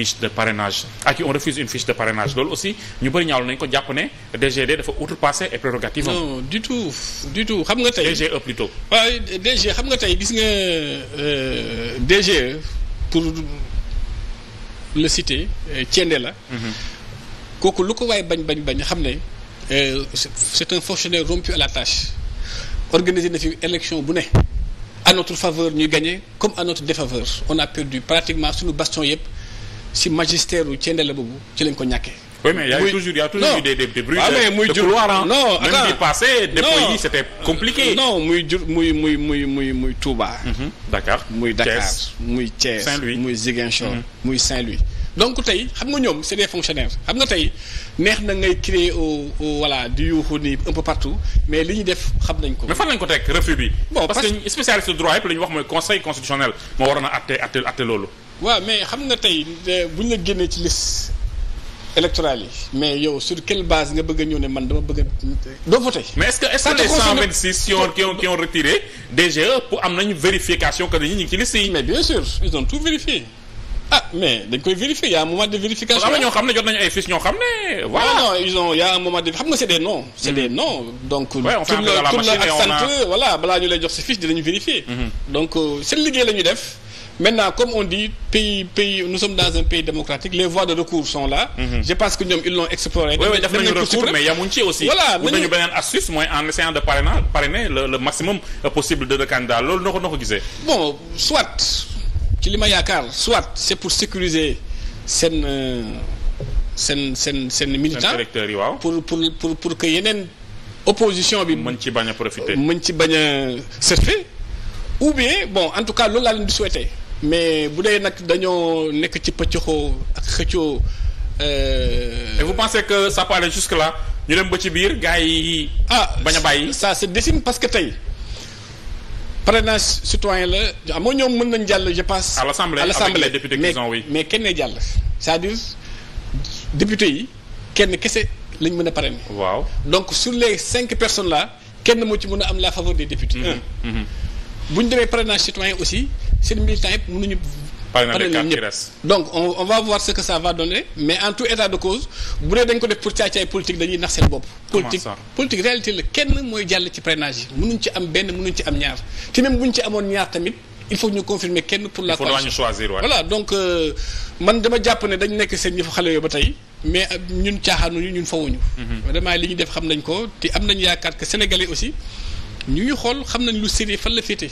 fiche de parrainage à qui on refuse une fiche de parrainage loolu aussi ñu bëri ñaawlu nañu ko jàpp ne DGD dafa outrepassé et prérogative am. du tout du tout xam nga tey. DGE plutôt. waaw DGE xam euh, e, pour le citer euh, Thiendé la. Mhm. kooku lu ko waaye bañ bañ bañ xam ne euh, c'est un fonctionnaire rompu à la tâche organiser na fi élection bu ne. à notre faveur ñuy gagné comme à notre défaveur on a perdu pratiquement suñu baston yëpp. si magistère u Thiendella boobu ci lañ ko ñàkkee. oui mais y' a toujours y' a toujours eu des des bruits ah, de couloir non attends même bi passé dépôt yi c' était compliqué. Euh, non muy jur muy muy muy muy muy Touba. Mm-hmm. Dakar muy Dakar muy Thiès Saint-Louis muy Ziguinchor mm-hmm. muy Saint-Louis. donc tey xam nga ñoom c' est des fonctionnaires xam nga tey neex na ngay créer au voilà di yuuxu ni un peu partout mais li ñuy def xam nañ ko. mais fan lañ ko teg refus bi. bon parce que spécialiste droit yëpp la ñu wax mooy conseil constitutionnel moo waroon a atte atte atte loolu. waaw mais xam nga tey euh, bu ñu la génnee ci liste électorale yi mais yow sur quelle base nga bëgg a ñëw ne man dama bëgg a doo voté. mais est-ce que est-ce que les 126 qui ont qui ont qui ont retiré DGE pour am nañu vérification que dañu ñu ngi ci liste yi. mais bien sûr ils ont tout vérifié. ah mais dañ koy vérifier il y a un moment de vérification. am na ñoo xam ne jot nañu ay fiches ñoo xam ne. voilà non ils ont il y a un moment de xam nga c'est des noms. c'est des mm-hmm. noms donc. oui on fait appel à la machine et on a tur la tur la ak sant voilà balaa ñu lay jox sa fiche dinañu vérifier. Mm-hmm. donc euh, seen liggéey la ñu def. maintenant comme on dit pays pays nous sommes dans un pays démocratique les voies de recours sont là. Mhm. je pense que ñoom ils l'ont exploré. oui oui def nañu recours mais yamuñ ci aussi. voilà bu nañu en essayant de parrainer parrainer le maximum euh, possible de de candidats loolu noo ko noo bon soit ci li ma yaakaar soit c'est pour sécuriser seen euh, seen seen seen militant électeurs yi waaw pour pour pour pour que yeneen opposition bi. mën ci bañ a profiter mën ci bañ a surfer ou bien bon en tout cas loolu laa leen di souhaiter. mais bu dee nag dañoo nekk ci pëccëxoo ak xëccoo. Euh, et vous pensez que ça peut aller jusque là ñu dem ba ci biir gars yi. ah bañ bàyyi. sa se dessine parce que tey parrainage citoyen la amoo ñoom mën nañ jàll je pense. à l'assemblée avec les députés qu'ils ont mais kenn jàll c'est-à-dire député yi kenn kese lañ mën a parrainer. waaw donc sur les cinq personnes la kenn moo ci mën a am la faveur des députés. Mm-hmm. Mm-hmm. bu ñu demee parrainage citoyen aussi. seen militants yëpp mënuñu. pare na les quatre restes donc on va voir ce que ça va donner mais en tout état de cause bu dee dañ ko def pour caacaay politique dañuy nax seen bopp. politique politique réalité la kenn mooy jàll ci parrainage yi mënuñ ci am benn mënuñ ci am ñaar te même buñ ci amoon ñaar tamit. il faut ñu confirmer kenn pour la. coalition choisir ouais. voilà donc euh, man dama jàpp ne dañ nekk seen ñëfa xale yooyu ba tey mais ñun caaxaanuñu ñun fawuñu. vraiment mhm. li ñu def xam nañ ko am nañ yaakaar que sénégalais aussi ñu ngi xool xam nañ lu sérieux la féete.